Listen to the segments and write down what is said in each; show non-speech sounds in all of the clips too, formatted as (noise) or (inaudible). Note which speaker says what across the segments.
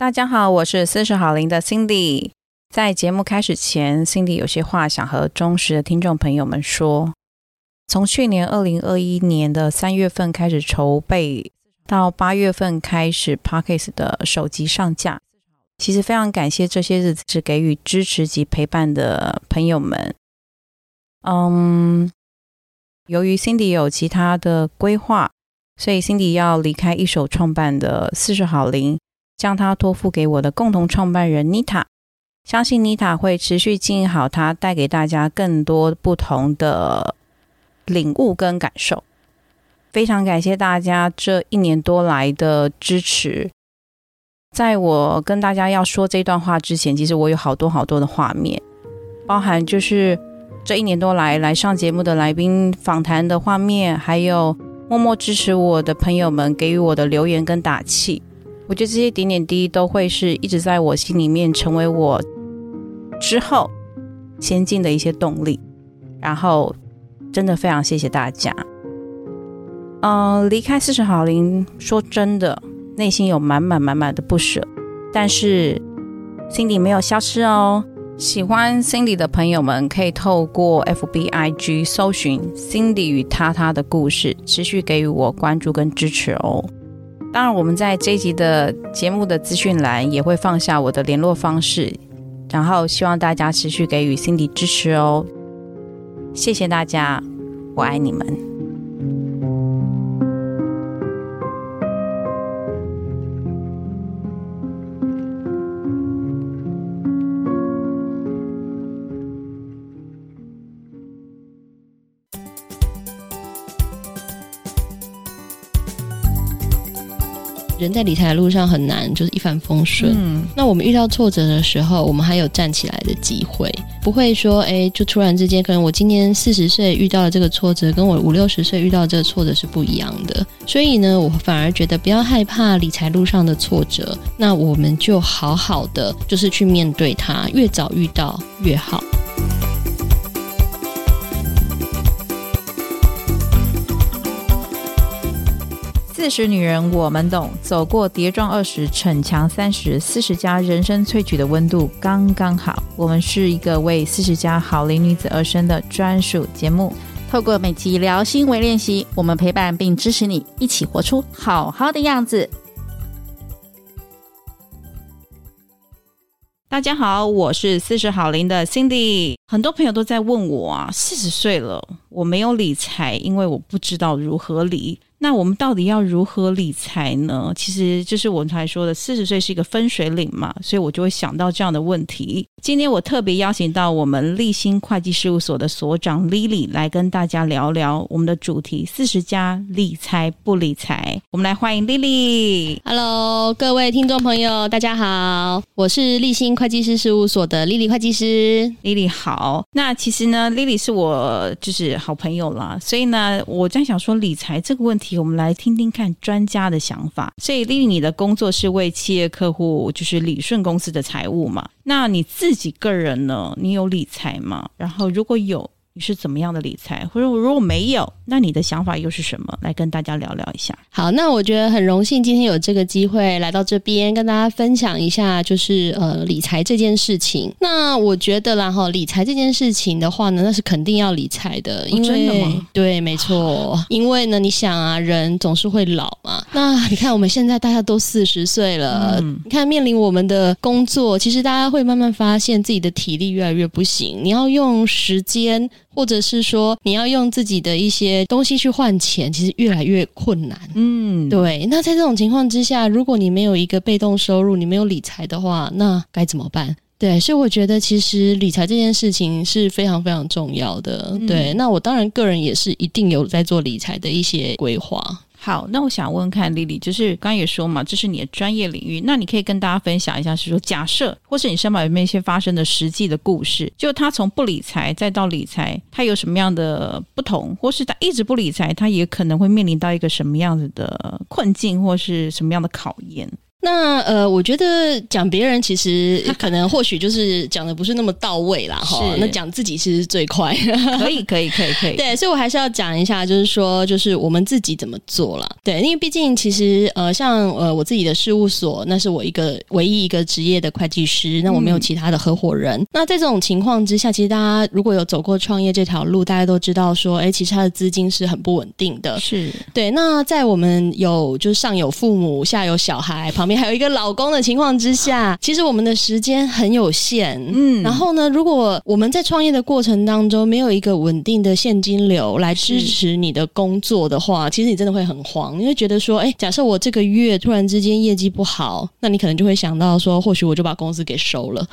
Speaker 1: 大家好，我是四十好齡的 Cindy。在節目開始前，Cindy 有些話想和忠實的聽眾朋友們說。從去年二零二一年的三月份開始籌備，到八月份開始 Podcast 的首集上架，其實非常感謝這些日子是給予支持及陪伴的朋友們。嗯，由於 Cindy 有其他的規劃，所以 Cindy 要離開一手創辦的四十好齡。將它托付給我的共同創辦人妮塔，相信妮塔會持續經營好它，帶給大家更多不同的領悟跟感受。非常感謝大家這一年多來的支持。在我跟大家要說這段話之前，其實我有好多好多的畫面，包含就是這一年多來來上節目的來賓訪談的畫面，還有默默支持我的朋友們給予我的留言跟打氣。我覺得這些點點滴滴都會是一直在我心裡面成為我之後前進的一些動力。然後，真的非常謝謝大家。嗯、呃，離開四十好齡，說真的，內心有滿滿滿滿的不捨，但是 Cindy 沒有消失哦。喜歡 Cindy 的朋友們，可以透過 FBIG 搜尋 Cindy 與她他的故事，持續給予我關注跟支持哦。當然，我們在這一集的節目的資訊欄也會放下我的聯絡方式，然後希望大家持續給予 Cindy 支持哦。謝謝大家，我愛你們。
Speaker 2: 人在理財路上很難，就是一帆風順。嗯，那我們遇到挫折的時候，我們還有站起來的機會，不會說，哎、欸，就突然之間，可能我今年四十歲遇到了這個挫折，跟我五六十歲遇到這個挫折是不一樣的。所以呢，我反而覺得不要害怕理財路上的挫折，那我們就好好的就是去面對它，越早遇到越好。
Speaker 1: 四十女人，我們懂。走過跌撞二十，逞強三十，四十加人生萃取的溫度剛剛好。我們是一個為四十加好齡女子而生的專屬節目。透過每集聊心為練習，我們陪伴並支持你，一起活出好好的樣子。大家好，我是四十好齡的 Cindy。很多朋友都在問我啊，四十歲了，我沒有理財，因為我不知道如何理。那我們到底要如何理財呢？其實就是我們才說的，四十歲是一個分水嶺嘛，所以我就會想到這樣的問題。今天我特別邀請到我們利興會計事務所的所長 Lily 來跟大家聊聊我們的主題：四十加理財不理財。我們來歡迎 Lily。
Speaker 2: Hello，各位聽眾朋友，大家
Speaker 1: 好，我是利興會計師事、事務所的 Lily 會計師。Lily 好。那其實呢，Lily 是我就是好朋友啦，所以呢，我在想說理財這個問題。我們來聽聽看專家的想法。所以，Lily，你的工作是為企業客戶，就是理順公司的財務嘛？那你自己個人呢？你有理財嗎？然後，如果有。你是怎麼樣的理財，或者我如果沒有，那你的想法又是什麼？來跟大家聊聊一下。
Speaker 2: 好，那我覺得很榮幸今天有這個機會來到這邊，跟大家分享一下，就是呃理財這件事情。那我覺得啦哈，理財這件事情的話呢，那是肯定要理財的，因為，哦，真的嗎？對，沒錯，啊。因為呢，你想啊，人總是會老嘛。那你看我們現在大家都四十歲了，嗯，你看面臨我們的工作，其實大家會慢慢發現自己的體力越來越不行，你要用時間。或者是說，你要用自己的一些東西去換錢，其實越來越困難。嗯，對。那在這種情況之下，如果你沒有一個被動收入，你沒有理財的話，那該怎麼辦？對，所以我覺得其實理財這件事情是非常非常重要的。嗯。對，那我當然個人也是一定有在做理財的一些規劃。
Speaker 1: 好，那我想問看，Lily，就是剛剛也說嘛，這是你的專業領域，那你可以跟大家分享一下，是說假設，或是你身邊有沒有一些發生的實際的故事？就他從不理財再到理財，他有什麼樣的不同，或是他一直不理財，他也可能會面臨到一個什麼樣子的困境，或是什麼樣的考驗？
Speaker 2: 那呃，我覺得講別人其實他可能或許就是講的不是那麼到位啦哈，哈、啊是。那講自己其實最快， (laughs) 可以可以可以可以。對，所以我還是要講一下，就是說就是我們自己怎麼做了。對，因為畢竟其實呃，像呃我自己的事務所，那是我一個唯一一個職業的會計師，那我沒有其他的合夥人、嗯。那在這種情況之下，其實大家如果有走過創業這條路，大家都知道說，哎，其實他的資金是很不穩定的。是對。那在我們有就是上有父母，下有小孩，旁還有一個老公的情況之下，其實我們的時間很有限。嗯，然後呢，如果我們在創業的過程當中沒有一個穩定的現金流來支持你的工作的話，其實你真的會很慌，因為覺得說，哎、欸，假設我這個月突然之間業績不好，那你可能就會想到說，或許我就把公司給收了。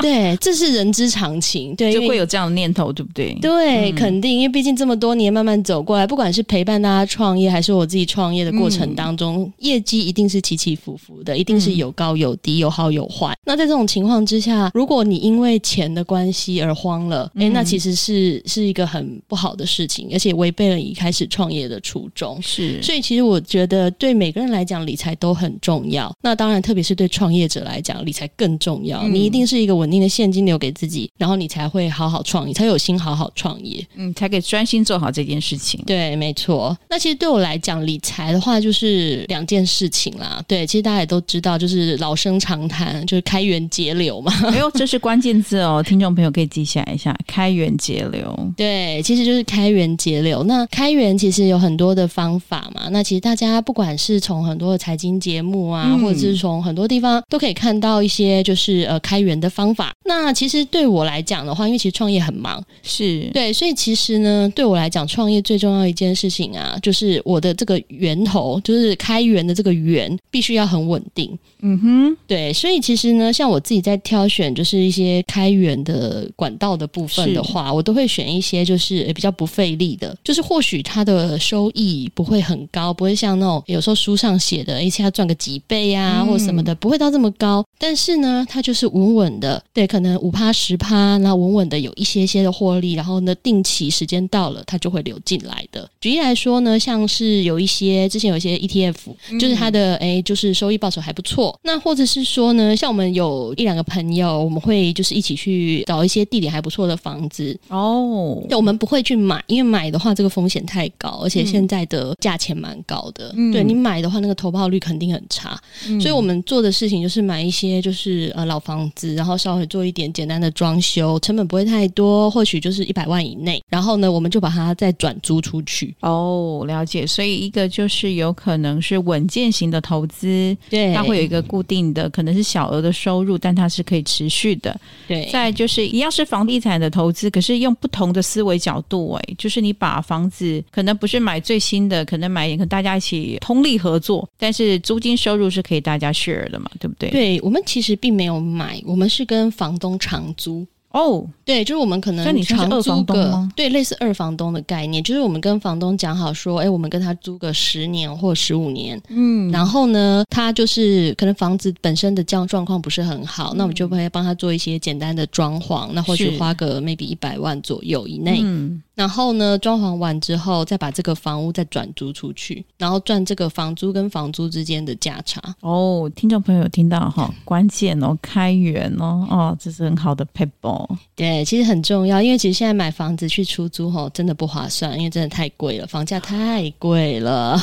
Speaker 2: (laughs) 對，這是人之常情，對，就會有這樣的念
Speaker 1: 頭，對不對？
Speaker 2: 對、嗯，肯定，因為畢竟這麼多年慢慢走過來，不管是陪伴大家創業，還是我自己創業的過程當中，嗯、業績一定是起起伏伏的，一定是有高有低，嗯，有好有壞。那在這種情況之下，如果你因為錢的關係而慌了，哎，那其實是是一個很不好的事情，而且違背了你一開始創業的初衷。是，所以其實我覺得對每個人來講，理財都很重要。那當然，特別是對創業者來講，理財更重要，嗯。你一定是一個。穩定的現金流給自己，然後你才會好好創業，才有心好好創業，嗯，才可以專心做好這件事情。對，沒錯。那其實對我來講，理財的話就是兩件事情啦。對，其實大家也都知道，就是老生常
Speaker 1: 談，就是開源節流嘛。沒、哎、有，這是關鍵字哦。 (laughs) 聽眾朋友可以記下一下，開源節流。
Speaker 2: 對，其實就是開源節流。那開源其實有很多的方法嘛。那其實大家不管是從很多的財經節目啊，嗯、或者是從很多地方都可以看到一些，就是呃，開源的方法。法，那其實對我來講的話，因為其實創業很忙，是對，所以其實呢，對我來講，創業最重要一件事情啊，就是我的這個源頭，就是開源的這個源，必須要很穩定。嗯哼，對，所以其實呢，像我自己在挑選，就是一些開源的管道的部分的話，我都會選一些就是比較不費力的，就是或許它的收益不會很高，不會像那種有時候書上寫的，哎，一下賺個幾倍啊，或什麼的，不會到這麼高，但是呢，它就是穩穩的。對，可能五趴十趴，那穩穩的有一些些的獲利，然後呢，定期時間到了，它就會流進來的。舉例來說呢，像是有一些之前有一些 ETF，就是它的哎、嗯，就是收益報酬還不錯。那或者是說呢，像我們有一兩個朋友，我們會就是一起去找一些地點還不錯的房子哦。對，我們不會去買，因為買的話這個風險太高，而且現在的價錢蠻高的。嗯、對，你買的話那個投報率肯定很差，嗯、所以我們做的事情就是買一些就是呃老房子，然後稍或者做一點簡單的裝修，成本不會太多，或許就
Speaker 1: 是一百萬以內。然後呢，我們就把它再轉租出去。哦、oh，了解。所以一個就是有可能是穩健型的投資，對，它會有一個固定的，可能是小額的收入，但它是可以持續的。對。再就是一樣是房地產的投資，可是用不同的思維角度、欸、哎，就是你把房子可能不是買最新的，可能買跟大家一起通力合作，但是租金收入是可以大家 share 的嘛？對不對？對，我們
Speaker 2: 其實並沒有買，我們是跟跟房東長租哦，oh, 對，就是我們可能跟你長租個，對，類似二房東的概念，就是我們跟房東講好說，哎、欸，我們跟他租個十年或十五年，嗯，然後呢，他就是可能房子本身的這樣狀況不是很好、嗯，那我們就可以幫他做一些簡單的裝潢，那或許花個 maybe 一百萬
Speaker 1: 左右以內。嗯
Speaker 2: 然後呢，裝潢完之後，再把這個房屋再轉租出去，然後賺這個房租跟房租之間的價差。
Speaker 1: 哦，聽眾朋友有聽到哈、哦，關鍵哦，開源哦，哦，這是很好的配套。對，其實很重要，因為其實
Speaker 2: 現在買房子去出租哈、哦，真的不划算，因為真的太貴了，房價太貴
Speaker 1: 了， (laughs)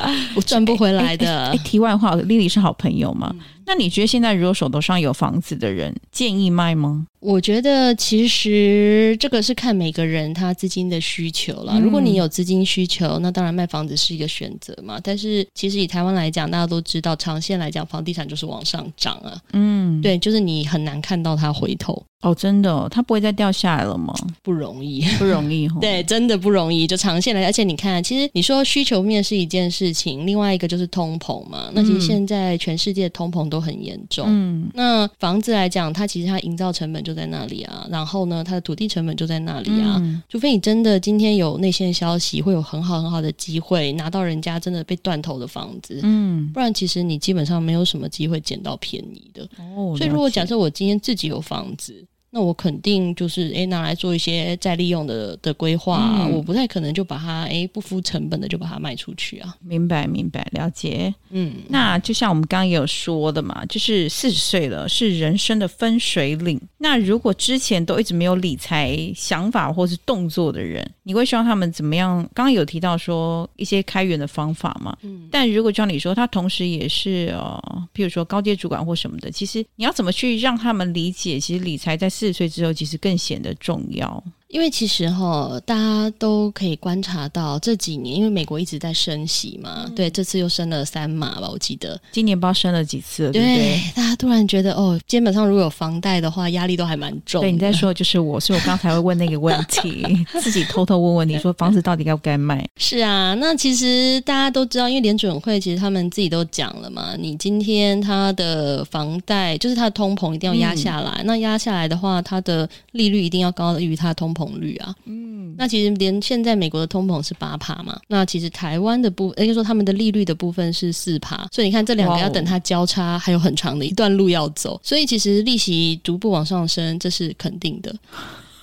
Speaker 1: (laughs) 我賺不回來的。哎，題外話，莉莉是好朋友嘛？嗯那你覺得現在如果手頭上有房子的人，建議賣嗎？我覺得其實這
Speaker 2: 個是看每個人他資金的需求啦。如果你有資金需求，那當然賣房子是一個選擇嘛。但是其實以台灣來講，大家都知道，長線來講，房地產就是往上漲啊。嗯，對，就是你很難看到它回頭。哦，真的，它不會再掉下來了嗎？不容易，不容易。 (laughs) 對，真的不容易，就長線來，而且你看，其實你說需求面是一件事情，另外一個就是通膨嘛。那其實現在全世界通膨都很嚴重。嗯，那房子來講，它其實它營造成本就在那裡啊。然後呢，它的土地成本就在那裡啊。嗯，除非你真的今天有內線消息，會有很好很好的機會拿到人家真的被斷頭的房子。嗯，不然其實你基本上沒有什麼機會撿到便宜的。哦，所以如果假設我今天自己有房子。那我肯定就是誒、欸，拿來做一些
Speaker 1: 再利用的的規劃、啊嗯，我不太可能就把它誒、欸、不敷成本的就把它賣出去啊。明白，明白，了解。嗯，那就像我們剛剛也有說的嘛，就是四十歲了是人生的分水嶺。那如果之前都一直沒有理財想法或是動作的人，你會希望他們怎麼樣？剛剛有提到說一些開源的方法嘛。嗯，但如果像你說，他同時也是哦，譬如說高階主管或什麼的，其實你要怎麼去讓他們理解？其實理財在四十歲之後，其實更顯得重要。
Speaker 2: 因為其實哈，大家都可以觀察到這幾年，因為美國一直在升息嘛、嗯，對，這次又升了三碼吧，我記得今年不知道升了幾次了，對不對，對？大家突然
Speaker 1: 覺得哦，基本上如果有房貸的話，壓力都還蠻重。對，你在說的就是我，所以我剛才會問那個問題， (laughs) 自己偷偷問問你說房子到底該不該賣？
Speaker 2: 是啊，那其實大家都知道，因為聯準會其實他們自己都講了嘛，你今天他的房貸就是他的通膨一定要壓下來、嗯，那壓下來的話，他的利率一定要高於他的通膨。通膨率啊，嗯，那其實連現在美國的通膨是八趴嘛，那其實台灣的部，也、欸、就是說他們的利率的部分是四趴，所以你看這兩個要等它交叉，還有很長的一段路要走，所以其實利息逐步往上升，這是肯定的。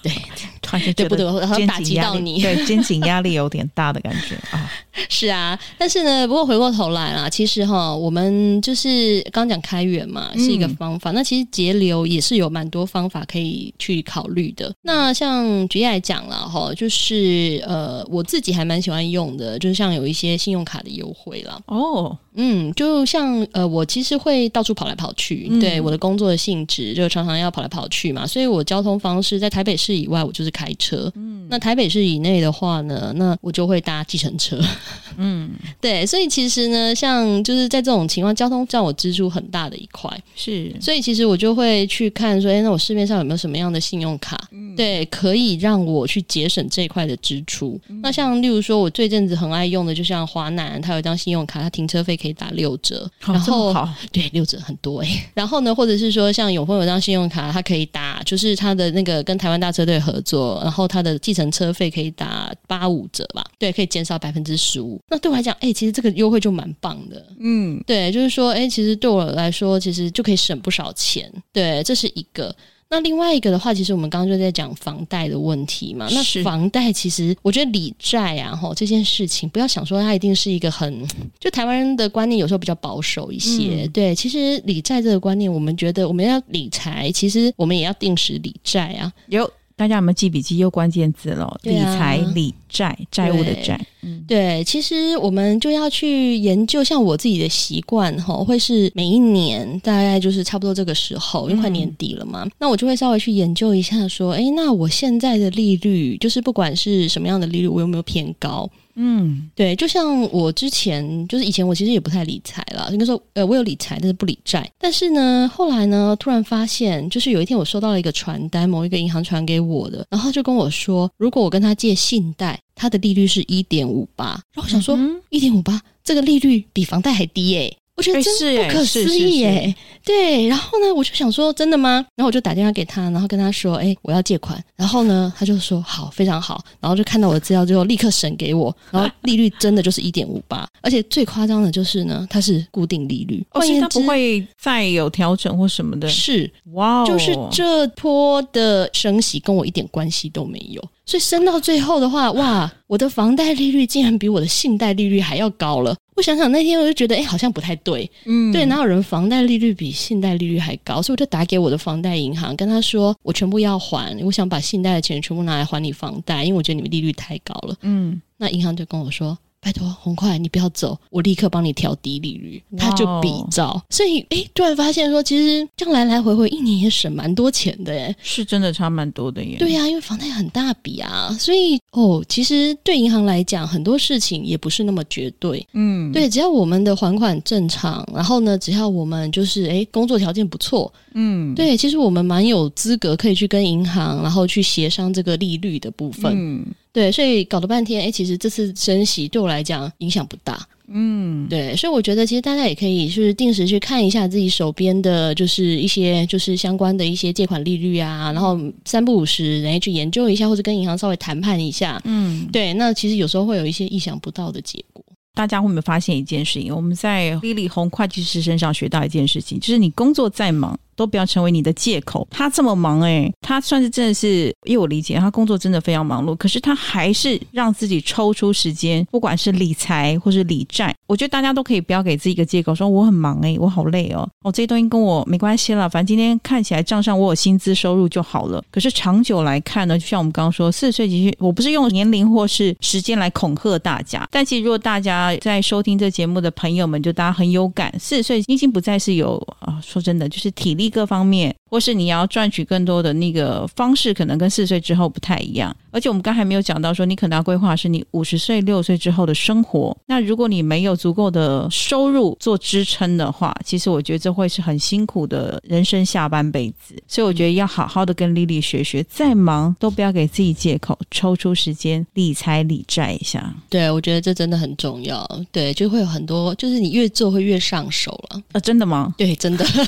Speaker 2: 對，對不就覺得對對打擊到你，對，肩頸壓
Speaker 1: 力有點大的感覺啊。
Speaker 2: (laughs) 是啊，但是呢，不過回過頭來啦，其實哈，我們就是剛講開源嘛，是一個方法。嗯、那其實節流也是有蠻多方法可以去考慮的。那像菊雅講了哈，就是呃，我自己還蠻喜歡用的，就是像有一些信用卡的優惠啦哦，嗯，就像呃，我其實會到處跑來跑去，嗯、對，我的工作的性質就常常要跑來跑去嘛，所以我交通方式在台北市，以外，我就是開車。嗯，那台北市以內的話呢，那我就會搭計程車。 (laughs) 嗯，對，所以其實呢，像就是在這種情況，交通占我支出很大的一塊。是，所以其實我就會去看說，哎、欸，那我市面上有沒有什麼樣的信用卡，嗯、對，可以讓我去節省這一塊的支出，嗯。那像例如說，我最近子很愛用的，就像華南，它有一張信用卡，它停車費可以打六折。然後，對，六折很多哎、欸。 (laughs) 然後呢，或者是說，像永豐有張信用卡，它可以打，就是它的那個跟台灣大車。對合作，然後他的計程車費可以打八五折吧？對，可以減少百分之十五。那對我來講，哎、欸，其實這個優惠就蠻棒的。
Speaker 1: 嗯，
Speaker 2: 對，就是說，哎、欸，其實對我來說，其實就可以省不少錢。對，這是一個。那另外一個的話，其實我們剛剛就在講房貸的問題嘛。是，那房貸其實，我覺得理債啊吼，這件事情不要想說它一定是一個很……就台灣人的觀念有時候比較保守一些。嗯、對，其實理債這個觀念，我們覺得我們要理財，其實我們也要定時理債啊。
Speaker 1: 有。大家有沒有記筆記？又關鍵字咯，理財、啊、理債、債務的債。嗯，
Speaker 2: 對，其實我們就要去研究，像我自己的習慣吼，會是每一年大概就是差不多這個時候，因為快年底了嘛，嗯、那我就會稍微去研究一下，說，哎、欸，那我現在的利率，就是不管是什麼樣的利率，我有沒有偏高？嗯，對，就像我之前，就是以前我其實也不太理財了，應該說，呃，我有理財，但是不理債。但是呢，後來呢，突然發現，就是有一天我收到了一個傳單，某一個銀行傳給我的，然後就跟我說，如果我跟他借信貸，他的利率是一點五八，然後我想說，一點五八這個利率比房貸還低誒、欸。我覺得真是不可思議哎、欸欸，對，然後呢，我就想說真的嗎？然後我就打電話給他，然後跟他說，哎、欸，我要借款。然後呢，他就說好，非常好。然後就看到我的資料之後，立刻審給我。然後利率真的就是一點五八， (laughs) 而且最誇張的就是呢，它是固定利率，
Speaker 1: 萬、哦、一它不會再有調整或什麼的。是哇哦、wow，就是這
Speaker 2: 波的升息跟我一點關係都沒有。所以升到最後的話，哇，我的房貸利率竟然比我的信貸利率還要高了。我想想那天，我就覺得，哎、欸，好像不太對。嗯，對，哪有人房貸利率比信貸利率還高？所以我就打給我的房貸銀行，跟他說，我全部要還，我想把信貸的錢全部拿來還你房貸，因為我覺得你們利率太高了。嗯，那銀行就跟我說。拜託，很快，你不要走，我立刻幫你調低利率，Wow. 他就比照。所以，哎、欸，突然發現說，其實這樣來來回回一年也省蠻多錢的，哎，是
Speaker 1: 真的差蠻多的
Speaker 2: 耶。對呀、啊，因為房貸很大筆啊，所以哦，其實對銀行來講，很多事情也不是那麼絕對。嗯，對，只要我們的還款正常，然後呢，只要我們就是哎、欸、工作條件不錯，嗯，對，其實我們蠻有資格可以去跟銀行，然後去協商這個利率的部分。嗯。對，所以搞了半天，哎、欸，其實這次升息對我來講影響不大，嗯，對，所以我覺得其實大家也可以就是定時去看一下自己手邊的，就是一些就是相關的一些借款利率啊，然後三不五時然後去研究一下，或者跟
Speaker 1: 銀行稍微談判一下，嗯，對，那其實有時候會有一些意想不到的結果。大家會不會發現一件事情？我們在李麗紅會計師身上學到一件事情，就是你工作再忙。都不要成為你的借口。他這麼忙哎、欸，他算是真的是，因為我理解他工作真的非常忙碌。可是他還是讓自己抽出時間，不管是理財或是理債。我覺得大家都可以不要給自己一個借口，說我很忙哎、欸，我好累哦，哦，這些東西跟我沒關係了。反正今天看起來賬上我有薪資收入就好了。可是長久來看呢，就像我們剛剛說，四十歲其實我不是用年齡或是時間來恐嚇大家。但其實如果大家在收聽這節目的朋友們，就大家很有感，四十歲已經不再是有啊。說真的，就是體力。一個方面。或是你要賺取更多的那個方式，可能跟四十歲之後不太一樣。而且我們剛才沒有講到說，你可能要規劃是你五十歲、六十歲之後的生活。那如果你沒有足夠的收入做支撐的話，其實我覺得這會是很辛苦的人生下半輩子。所以我覺得要好好的跟 Lily 學學，再忙都不要給自己借口，抽出時間理財理債一下。對，我覺得這真的很重要。對，
Speaker 2: 就會有很多，就是你越做會越上手了。啊、呃，真的嗎？對，真的。 (laughs)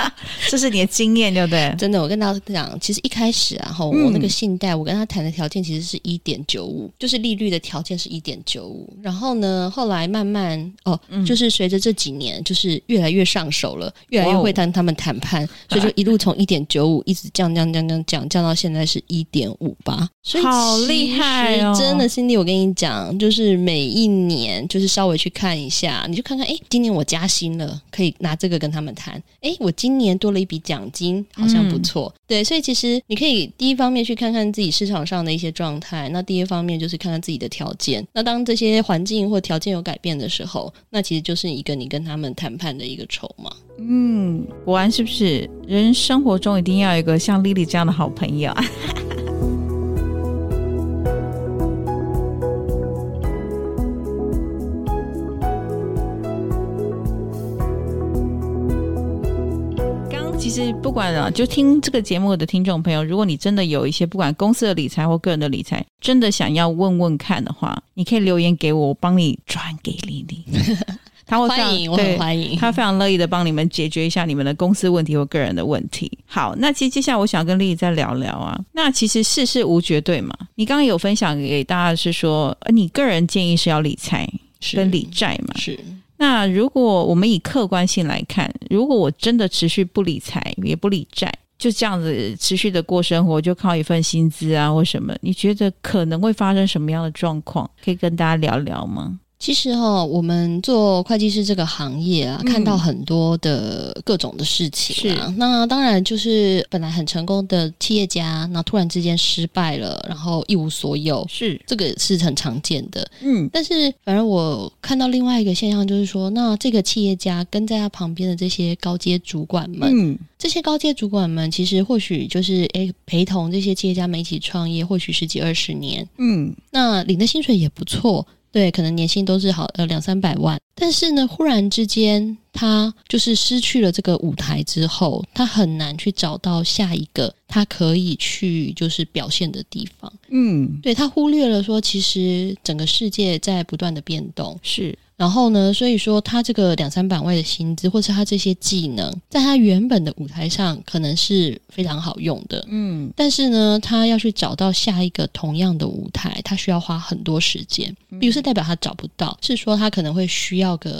Speaker 2: (laughs) 這是你的經念對不對？真的，我跟大家講，其實一開始啊，哈，我那個信貸，我跟他談的條件其實是一點九五，就是利率的條件是一點九五。然後呢，後來慢慢哦、嗯，就是隨着這幾年，就是越來越上手了，越來越會跟他們談判、哦，所以就一路從一點九五一直降降降降降，降到現在是一點五八。所以好厲害真、哦、的，Cindy 我跟你講，就是每一年，就是稍微去看一下，你就看看，哎，今年我加薪了，可以拿這個跟他們談。哎，我今年多了一筆獎金。嗯、好像不錯，對，所以其實你可以第一方面去看看自己市場上的一些狀態，那第二方面就是看看自己的條件。那當這些環境或條件有改變
Speaker 1: 的時候，那其實就是一個你跟他們談判的一個籌碼。嗯，果然是不是人生活中一定要有一個像 Lily 這樣的好朋友？ (laughs) 其實不管啊，就聽這個節目的聽眾朋友，如果你真的有一些不管公司的理財或個人的理財，真的想要問問看的話，你可以留言給我，我幫你轉給麗麗，她 (laughs) 會歡迎，我很歡迎，她非常樂意的幫你們解決一下你們的公司問題或個人的問題。好，那其實接下來我想跟麗麗再聊聊啊，那其實世事無絕對嘛，你剛剛有分享給大家的是說，呃，你個人建議是要理財跟理債嘛，是，是那如果我們以客觀性來看，如果我真的持續不理財也不理債，就這樣子持續的過生活，就靠一份薪資啊或什麼，你覺得可能會發生什麼樣的狀況？可以跟大家聊聊嗎？
Speaker 2: 其實哈、哦，我們做會計師這個行業啊，嗯、看到很多的各種的事情啊是。那當然就是本來很成功的企業家，那突然之間失敗了，然後一無所有，是這個是很常見的。嗯，但是反而我看到另外一個現象，就是說，那這個企業家跟在他旁邊的這些高階主管們，嗯、這些高階主管們其實或許就是誒、欸、陪同這些企業家們一起創業，或許十幾二十年，嗯，那領的薪水也不錯。嗯對，可能年薪都是好呃兩三百萬，但是呢，忽然之間他就是失去了這個舞台之後，他很難去找到下一個他可以去就是表現的地方。嗯，對他忽略了說，其實整個世界在不斷的變動。是。然後呢，所以說，他這個兩三百萬的薪資，或是他這些技能，在他原本的舞台上，可能是非常好用的。嗯。但是呢，他要去找到下一個同樣的舞台，他需要花很多時間。不是代表他找不到，是說他可能會需要個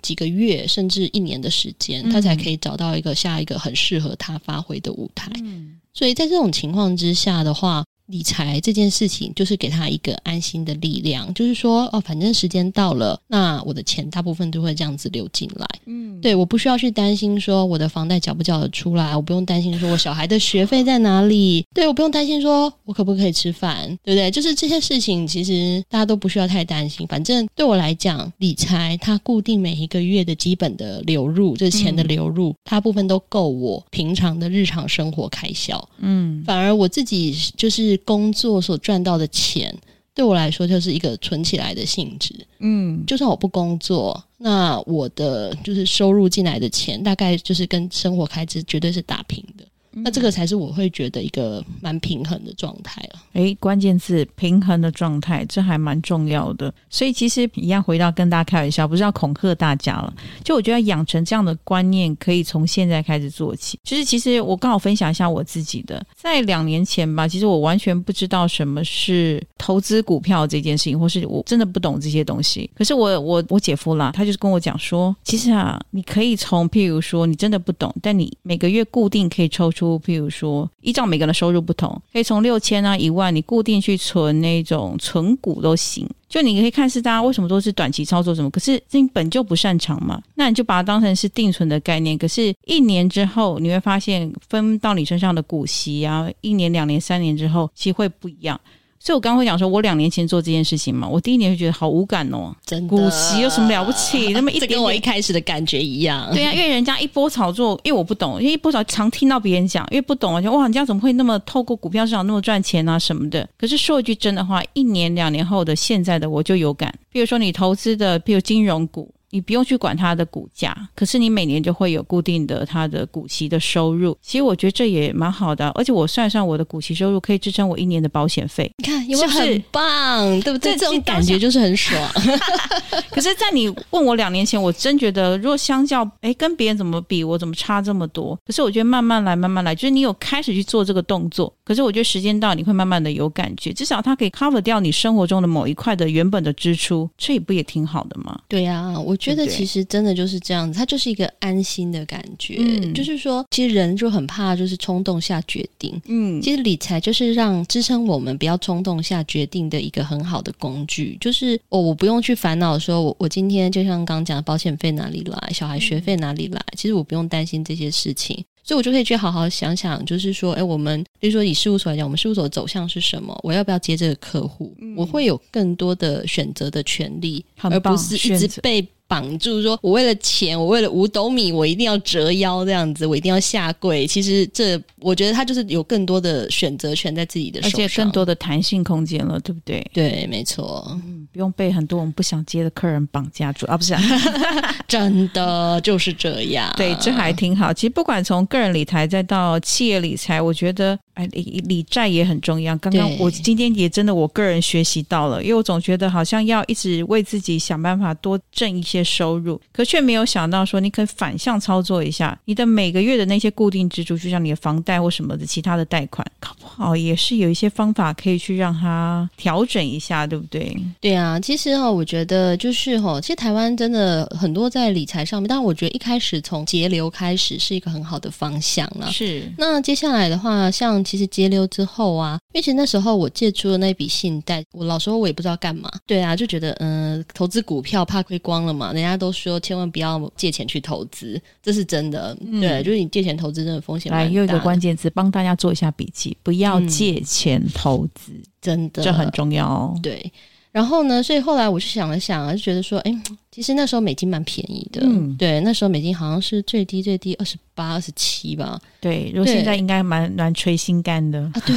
Speaker 2: 幾個月，甚至一年的時間，他才可以找到一個下一個很適合他發揮的舞台。嗯。所以在這種情況之下的話。理財這件事情，就是給他一個安心的力量，就是說，哦，反正時間到了，那我的錢大部分都會這樣子流進來，嗯，對，我不需要去擔心說我的房貸繳不繳得出來，我不用擔心說我小孩的學費在哪裡、啊，對，我不用擔心說我可不可以吃飯，對不對？就是這些事情，其實大家都不需要太擔心。反正對我來講，理財它固定每一個月的基本的流入，就是錢的流入，嗯、大部分都夠我平常的日常生活開銷，嗯，反而我自己就是。工作所賺到的錢，對我來說就是一個存起來的性質。嗯，就算我不工作，那我的就是收入進來的錢，大概就是跟生活開支
Speaker 1: 絕對是打平的。那這個才是我會覺得一個蠻平衡的狀態。誒、啊哎，關鍵字平衡的狀態，這還蠻重要的。所以其實一樣回到跟大家開玩笑，不是要恐嚇大家了。就我覺得養成這樣的觀念，可以從現在開始做起。其、就、實、是、其實我剛好分享一下我自己的，在兩年前吧，其實我完全不知道什麼是投資股票這件事情，或是我真的不懂這些東西。可是我我我姐夫啦，他就是跟我講說，其實啊，你可以從譬如說，你真的不懂，但你每個月固定可以抽出。比譬如說，依照每個人的收入不同，可以從六千啊、一萬，你固定去存那種存股都行。就你可以看是大家為什麼都是短期操作什麼，可是你本就不擅長嘛，那你就把它當成是定存的概念。可是一年之後你會發現分到你身上的股息啊，一年、兩年、三年之後其實會不一樣。所以，我剛剛會講說，我兩年前做這件事情嘛，我第一年就覺得好無感哦，真的，啊，股息有什麼了不起？那麼一點點，這跟我一開始的感覺一樣，對呀、啊，因為人家一波炒作，因為我不懂，因為一波炒常聽到別人講，因為不懂啊，就哇，人家怎麼會那麼透過股票市場那麼賺錢啊什麼的？可是說一句真的話，一年兩年後的現在的我就有感，比如說你投資的，比如金融股。你不用去管它的股價，可是你每年就會有固定的它的股息的收入。其實我覺得這也蠻好的，而且我算算我的股息收入，可以支撐我一年的保險費。
Speaker 2: 你看，因為很
Speaker 1: 棒？就是、對不對，對？這種感覺就是很爽。 (laughs) (laughs) (laughs) 可是在你問我兩年前，我真覺得，如果相較，哎，跟別人怎麼比我怎麼差這麼多？可是我覺得慢慢來，慢慢來，就是你有開始去做這個動作。可是我覺得時間到，你會慢慢的有感覺，至少它可以 cover 掉你生活中的某一塊的原本的支出，這也不也挺好的嗎？對
Speaker 2: 呀、啊，我。覺得其實真的就是這樣子，它就是一個安心的感覺、嗯。就是說，其實人就很怕就是衝動下決定。嗯，其實理財就是讓支撐我們不要衝動下決定的一個很好的工具。就是我、哦、我不用去煩惱說，我，我今天就像剛剛講的，保險費哪裡來，小孩學費哪裡來、嗯，其實我不用擔心這些事情，所以我就可以去好好想想。就是說，誒、哎，我們比如說以事務所來講，我們事務所的走向是什麼？我要不要接這個客戶？嗯、我會有更多的選擇的權利，而不是一直被選擇。綁住，說我為了錢，我為了五斗米，我一定要折腰，這樣子，我一定要下跪。其實這，我覺得他就是有更多的選擇權在自己的手上，而且
Speaker 1: 更多的彈性空間了，對不對？對，沒錯，嗯、不用被很多我們不想接的客人綁架住啊！不是， (laughs) (laughs) 真的就是這樣。對，這還挺好。其實不管從個人理財再到企業理財，我覺得。哎、理理債也很重要。剛剛我今天也真的我個人學習到了，因為我總覺得好像要一直為自己想辦法多掙一些收入，可卻沒有想到說你可以反向操作一下你的每個月的那些固定支出，就像你的房貸或什麼的其他的貸款，搞不好也是有一些方法可以去讓它調整一下，對不對？
Speaker 2: 對啊，其實哈、哦，我覺得就是哈、哦，其實台灣真的很多在理財上面，但我覺得一開始從節流開始是一個很好的方向了。是，那接下來的話，像。其實截流之後啊，因為其實那時候我借出了那筆信貸，我老說我也不知道幹嘛，對啊，就覺得嗯、呃，投資股票怕虧光了嘛，人家都說千萬不要借錢去投資，這是真的，對、啊嗯，就是你借錢投資真的風險的來，又一個關
Speaker 1: 鍵詞，幫大家做一下筆記，不要借錢投資，嗯哦、真的，這很重要哦。
Speaker 2: 對。然後呢，所以後來我就想了想，就覺得說，哎、欸，其實那時候美金蠻便宜的，嗯。對，那時候美金好像是最低最低二十八、二十七吧。對，對，如果現在應該
Speaker 1: 蠻蠻捶心肝的。啊，對。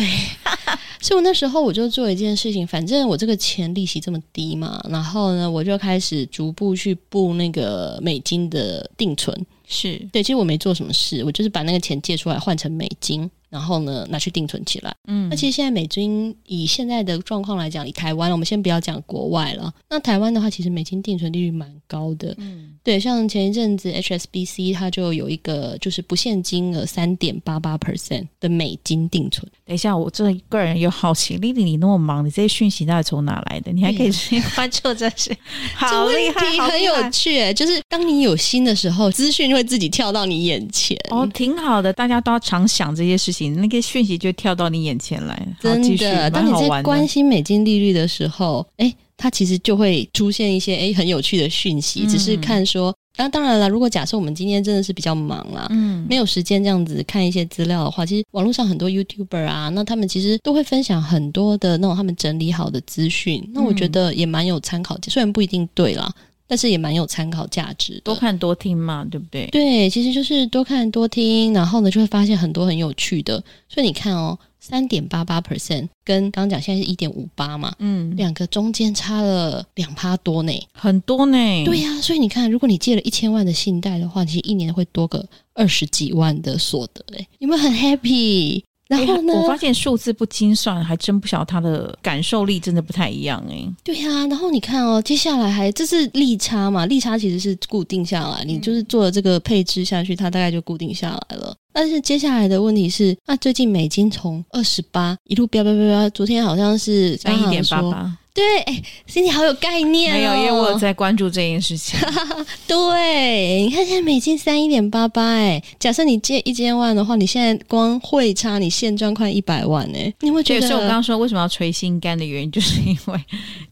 Speaker 2: (laughs) 所以我那時候我就做一件事情，反正我這個錢利息這麼低嘛，然後呢，我就開始逐步去布那個美金的定存。是，對，其實我沒做什麼事，我就是把那個錢借出來換成美金。然後呢，拿去定存起來。嗯，那其實現在美金以現在的狀況來講，以台灣，我們先不要講國外了。那台灣的話，其實美金定存利率、率蠻高的。嗯，對，像前一陣子 HSBC 它就有一個就是不限金額
Speaker 1: 三點八八 percent 的美金定存。等一下，我真的個、個人有好奇，麗麗你那麼忙，你這些訊息到底從哪來的？你還可以翻、嗯、 (laughs) 關注這些， (laughs) 好厲害，很有趣。哎，就是當你有心的時候，資訊會自己跳到你眼前。哦，挺好的，大家都要常想這些事情。那個訊息就跳到你眼前來，真的，好，繼續。當你在關
Speaker 2: 心美金利率的時候，哎、欸，它其實就會出現一些哎、欸、很有趣的訊息、嗯。只是看說，那、啊、當然了，如果假設我們今天真的是比較忙啦，嗯，沒有時間這樣子看一些資料的話，其實網絡上很多 YouTuber 啊，那他們其實都會分享很多的那種他們整理好的資訊、嗯，那我覺得也蠻有參考性，雖然不一定對啦。但是也蠻
Speaker 1: 有參考價值的，多看多聽嘛，對不對？
Speaker 2: 對，其實就是多看多聽，然後呢，就會發現很多很有趣的。所以你看哦，三點八八 percent 跟剛剛講現在是一點五八嘛，嗯，兩個中間差了兩趴多呢，很多呢。對呀、啊，所以你看，如果你借了一千萬的信貸的話，其實一年會多個二十幾萬的所
Speaker 1: 得、欸，哎，有沒有很 happy？然後呢、欸，我發現數字不精算，還真不曉得他的感受力真的不太一樣誒、欸、
Speaker 2: 對呀、啊，然後你看哦，接下來還，這是利差嘛？利差其實是固定下來、嗯，你就是做了這個配置下去，它大概就固定下來了。但是接下來的問題是，那、啊、最近美金從二十八一路飆飆飆飆飆，昨天好像是三一點八八。
Speaker 1: 對 Cindy 好有概念哦，沒有？因為我有在關注這件事情。
Speaker 2: (laughs) 對，你看現在美金三一點八八，假設你借一千萬的話，你現在光匯差，你現賺快一百萬誒，你會覺得？所以，我剛剛
Speaker 1: 說為什麼要捶心肝的原因，就是因為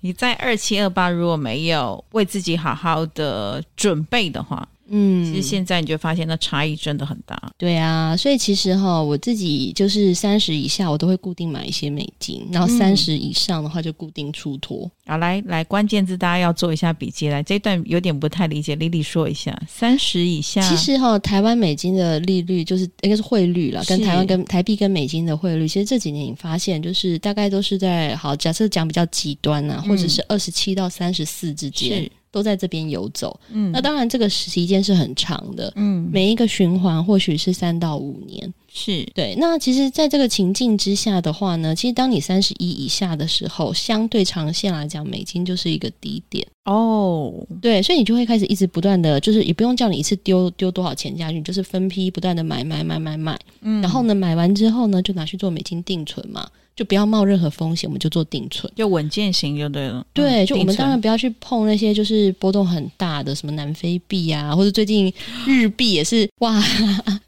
Speaker 1: 你在二七二八如果沒有為自己好好的準備的話。嗯，其實現在你就發現那差異真的很大。
Speaker 2: 對啊，所以其實哈，我自己就是三十以下，我都會固定買一些美金，然後三十
Speaker 1: 以上的話就固定出脫、嗯。好，來來，關鍵字大家要做一下筆記。來，這段有點不太理解，Lily 說一下。三十以下，其實
Speaker 2: 哈，台灣美金的利率就是應該是匯率了，跟台灣跟台幣跟美金的匯率，其實這幾年你發現就是大概都是在好，假設講比較極端啊，或者是二十七到三十四之間。嗯都在這邊游走，嗯，那當然這個時間是很長的，嗯，每一個循環或許是三到五年。是對，那其實在這個情境之下的話呢，其實當你三十一以下的時候，相對長線來講，美金就是一個低點哦。對，所以你就會開始一直不斷的，就是也不用叫你一次丟丟多少錢下去，就是分批不斷的買買買買買，嗯，然後呢，買完之後呢，就拿去做美金定存嘛，就不要冒任何風險，我們就做
Speaker 1: 定存，就穩健型就對了、嗯。對，就我們當然不
Speaker 2: 要去碰那些就是波動很大的，什麼南非幣啊，或者最近日幣也是 (laughs) 哇，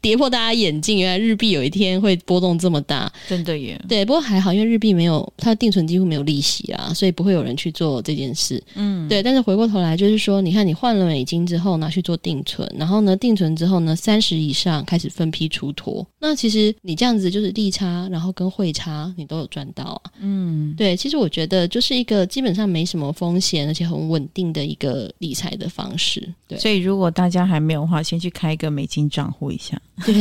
Speaker 2: 跌破大家眼鏡，原來日幣有一天會波動這麼大，真的耶！對，不過還好，因為日幣沒有它的定存幾乎沒有利息啊，所以不會有人去做這件事。嗯，對。但是回過頭來，就是說，你看你換了美金之後拿去做定存，然後呢，定存之後呢，三十以上開始分批出脫。那其實你這樣子就是利差，然後跟匯差，你都有賺到啊。嗯，對。其實我覺得就是一個基本上沒什麼風險，而且很穩定的一個理財的方
Speaker 1: 式。對。所以如果大家還沒有的話，先去開一個美金賬戶一下。對，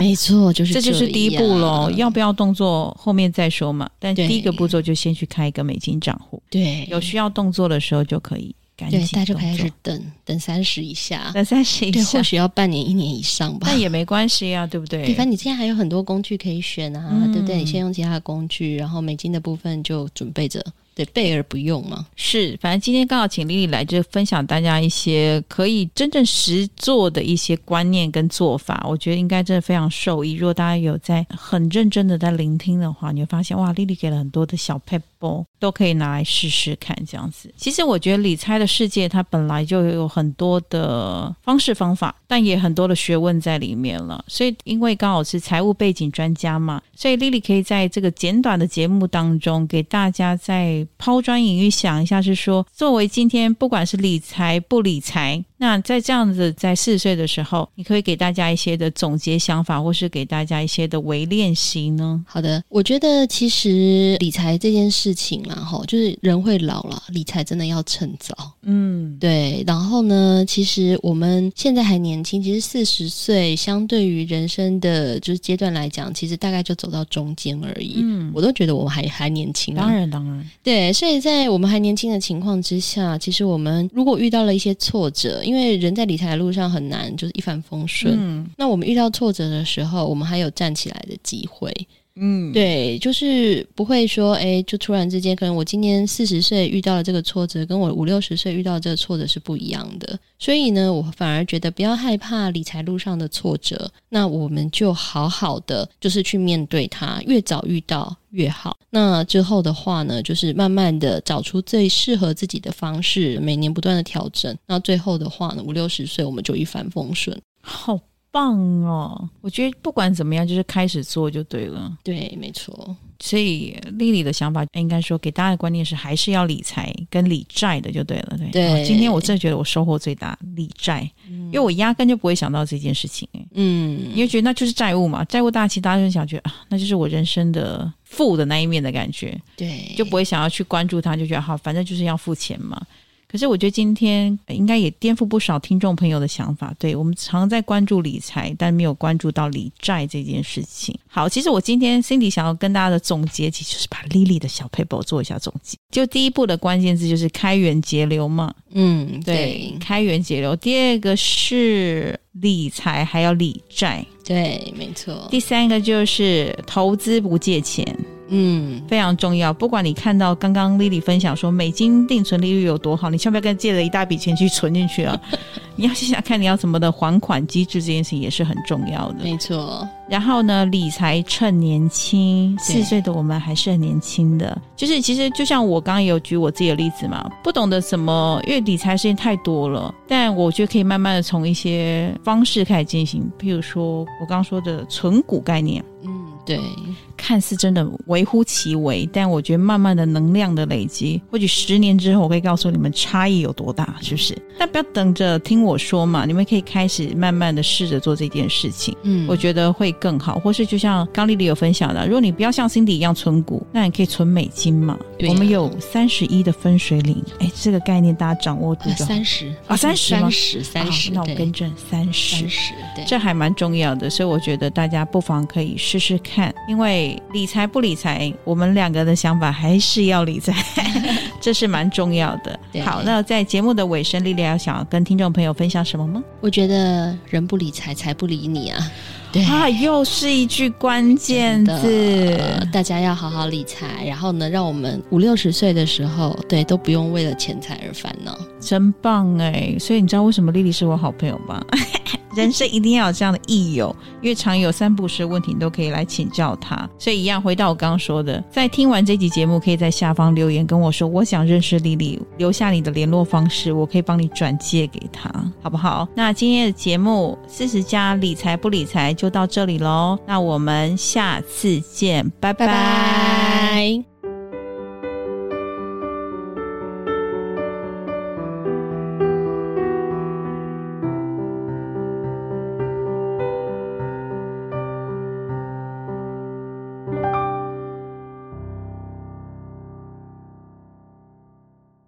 Speaker 1: 沒錯，就是、啊、 (laughs) 這就是第一步嘍。要不要動作？後面再說嘛。但第一個步驟就先去開一個美金賬戶。對，有需要動作的時候就可以趕緊。對，大家就開始等
Speaker 2: 等三十以下，等三十以下，或許要半年、一年以上吧。那也沒關係啊，對不對？比方你現在還有很多工具可以選啊，嗯、對不對？你先用其他的工具，然後美金的部分就
Speaker 1: 準備着。對，備而不用嘛，是。反正今天剛好請 Lily 來，就是分享大家一些可以真正實做的一些觀念跟做法。我覺得應該真的非常受益。如果大家有在很認真的在聆聽的話，你會發現哇，Lily 給了很多的小撇步，都可以拿來試試看，這樣子。其實我覺得理財的世界它本來就有很多的方式方法，但也很多的學問在裡面了。所以因為剛好是財務背景專家嘛，所以 Lily 可以在這個簡短的節目當中給大家在。拋磚引玉，想一下是說，作為今天，不管是理財不理財。那在這樣子，在四十歲的時候，你可以給大家一些的總結想法，或是給大家一些的微練習呢？好的，
Speaker 2: 我覺得其實理財這件事情啦，然後就是人會老了，理財真的要趁早。嗯，對。然後呢，其實我們現在還年輕，其實四十歲相對於人生的就是階段來講，其實大概就走到中間而已。嗯，我都覺得我們還還年輕。當然，當然，對。所以在我們還年輕的情況之下，其實我們如果遇到了一些挫折。因為人在理財的路上很難，就是一帆風順。嗯。那我們遇到挫折的時候，我們還有站起來的機會。嗯，對，就是不會說，哎、欸，就突然之間，可能我今年四十歲遇到了這個挫折，跟我五六十歲遇到這個挫折是不一樣的。所以呢，我反而覺得不要害怕理財路上的挫折，那我們就好好的，就是去面對它，越早遇到越好。那之後的話呢，就是慢慢的找出最適合自己的方式，每年不斷的調整。那最後的話呢，五六十歲我們就一帆風順。
Speaker 1: 好。棒哦！我覺得不管怎麼樣，就是開始做就對了。對，沒錯。所以 Lily 的想法、哎、應該說，給大家的觀念是還是要理財跟理債的就對了。對，對、哦，今天我真的覺得我收穫最大，理債，嗯、因為我壓根就不會想到這件事情。嗯，因為覺得那就是債務嘛，債務大，其實大家就想覺得啊，那就是我人生的負的那一面的感覺。對，就不會想要去關注它，就覺得好、啊，反正就是要付錢嘛。可是我覺得今天應該也顛覆不少聽眾朋友的想法，對我們常在關注理財，但沒有關注到理債這件事情。好，其實我今天心 i 想要跟大家的總結，其實就是把 l i l 的小 paper 做一下總結。就第一步的關鍵字就是開源節流嘛，嗯，對，對開源節流。第二個是理財，還要理債。對，沒錯。第三個就是投資不借錢，
Speaker 2: 嗯，
Speaker 1: 非常重要。不管你看到剛剛莉莉分享說美金定存利率有多好，你千萬不要跟借了一大筆錢去存進去啊。 (laughs) 你要想想看，你要怎麼的還款機制這件事情也是很重要的，沒錯。然後呢，理財趁年輕，四十歲的我們還是很年輕的。就是其實就像我剛剛有舉我自己的例子嘛，不懂得什麼，因為理財事情太多了。但我覺得可以慢慢的從一些方式開始進行，譬如說我剛剛說的存股概念。嗯，對。看似真的微乎其微，但我覺得慢慢的能量的累積，或許十年之後我會告訴你們差異有多大，是不是、嗯？但不要等着聽我說嘛，你們可以開始慢慢的試着做這件事情。嗯，我覺得會更好。或是就像剛 Lily 有分享的，如果你不要像 Cindy 一樣存股，那你可以存美金嘛。對啊、我們有三十一的分水嶺，哎，這個概念大家掌握住。那三十啊，哦、三十嗎？三十，三十，那我更正，三十，這還蠻重要的，所以我覺得大家不妨可以試試看，因為。理財不理財，我們兩個的想法還是要理財，這是蠻重要的。 (laughs) 好，那在節目的尾聲，麗麗要想要跟聽眾朋友分享什麼嗎？我覺得人不理財，財不理你啊。對啊，又
Speaker 2: 是一句關鍵字，呃，大家要好好理財，然後呢，讓我們五
Speaker 1: 六十歲的時候，對，都不用為了錢財而煩惱，真棒哎，欸！所以你知道為什麼麗麗是我好朋友嗎？ (laughs) (laughs) 人生一定要有這樣的益友，因為常有三不五時問題，你都可以來請教他。所以一樣回到我剛剛說的，在聽完這集節目，可以在下方留言跟我說，我想認識 Lily，留下你的聯絡方式，我可以幫你轉介給他，好不好？那今天的節目四十加理財不理財就到這裡嘍，那我們下次見，拜拜。拜拜。